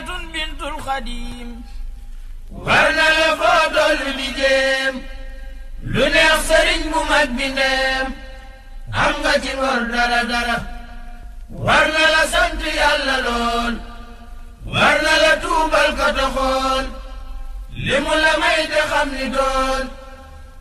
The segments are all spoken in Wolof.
فاطمة بنت الخديم warna la foo tollu di lu neex sëriñ bu mag bi am nga ci dara dara war na la sant yàlla lool war na la tuubal ko doxoon li mu la may te xam ni doon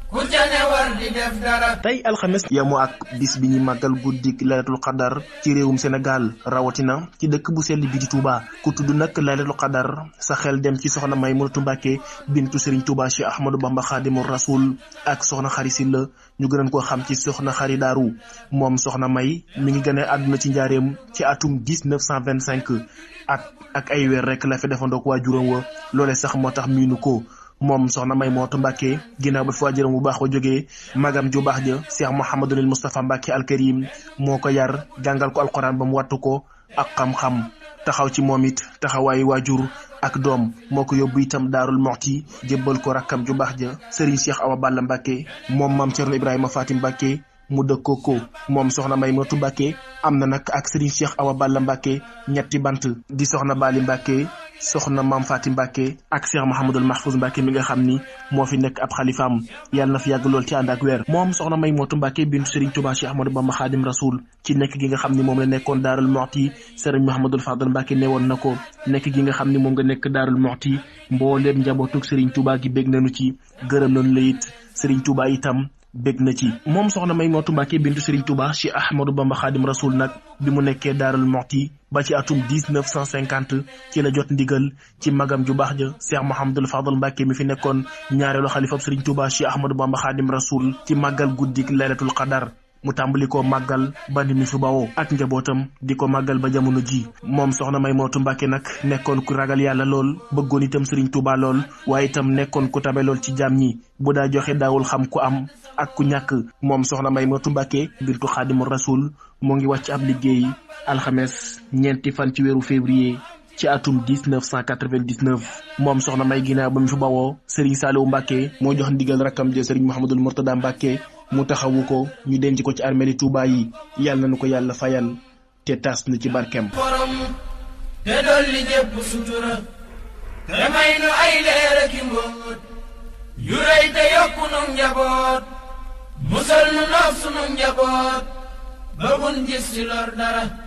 ku ca war di def dara. tey alxames yamu ak bis bi ñuy màggal guddik laylatul xadar ci réewum Sénégal rawatina ci dëkk bu sell bi di Touba ku tudd nag laylatul xadar sa xel dem ci soxna Maymunatu Mbàkke bintu Serigne Touba Cheikh Ahmadou Bamba Xaadimu Rasul ak soxna Xari Sylla ñu gënoon koo xam ci soxna Xari Daaru moom soxna May mi ngi gëna a àdduna ci njaareem ci atum 1925 at ak ay weer rek la fi defandook waajuram wa loole sax moo tax miinu ko. moom soxna may mootu Mbàkke ginnaaw ba fi waajuram bu baax wa jógee magam ju baax ja Cheikh Mouhamadulil Moustapha Mbàkke alkarim moo ko yar jàngal ko alxuraan ba mu wattu ko ak xam-xam taxaw ci moom it taxawaayu waajur ak doom moo ko yóbbu itam daarul moxti jébbal ko rakkam ju baax ja Serigne Cheikh Awa Balla Mbàkke moom maam Cerno Ibrahima Fatim Mbàkke mu dëkkoo ko moom soxna may mootu Mbàkke am na nag ak Serigne Cheikh Awa Balla Mbàkke ñetti bant di soxna Bali Mbàkke soxna maam Faati Mbàkke ak Cheikh Mahamadul Mahfouz Mbàkke mi nga xam ni moo fi nekk ab xalifaam yàlla na fi yàgg lool ci ànd weer moom soxna may mootu Mbàkke bintu Serigne Touba Cheikh Ahmadou Bamba Xaadim Rasoul ci nekk gi nga xam ni moom la nekkoon Daarul Muxti Serigne Mahamadul Fadal Mbàkke newoon na ko nekk gi nga xam ni moom nga nekk Daarul Muxti mbooleem njabootug Serigne Touba gi bég nañu ci gërëm nañu la it Serigne Touba itam bég na ci moom soxna may mootu Mbàkke bintu Serigne Touba ci Ahmadou Bamba Xaadim Rasul nag bi mu nekkee Daarul Muxti ba ci atum 1950 ci la jot ndigal ci magam ju baax ja Cheikh Mouhamadul Fadal Mbàkke mi fi nekkoon ñaareelu xalifab Serigne Touba ci Ahmadou Bamba Xaadim Rasul ci màggal guddik laylatul qadar mu tàmbali koo màggal ba ni mi subawoo ak njabootam di ko màggal ba jamono ji moom soxna may mootu Mbàkke nag nekkoon ku ragal yàlla lool bëggoon itam Sëriñ Tuubaa lool waaye itam nekkoon ku tabe lool ci jaam ñi bu daa joxe daawul xam ku am ak ku ñàkk moom soxna may tu Mbàkke birtu Xaadimu Rasuul moo ngi wàcc ab liggéey alxames ñeenti fan ci weeru février ci atum 1999 moom soxna may ginnaaw ba mu fi bawoo Sëriñ Saaliwu Mbàkke moo jox ndigal rakkam ja Sëriñ Mouhamadul Mourtada Mbàkke mu taxawu ko ñu denc ko ci armeeli Tuubaa yi yàlla na nu ko yàlla fayal te tas na ci barkeem te dolli jépp sutura te may nu ay leer yu rëy te yokku nu njaboot musal nu noog sunu njaboot ba bun gis ci dara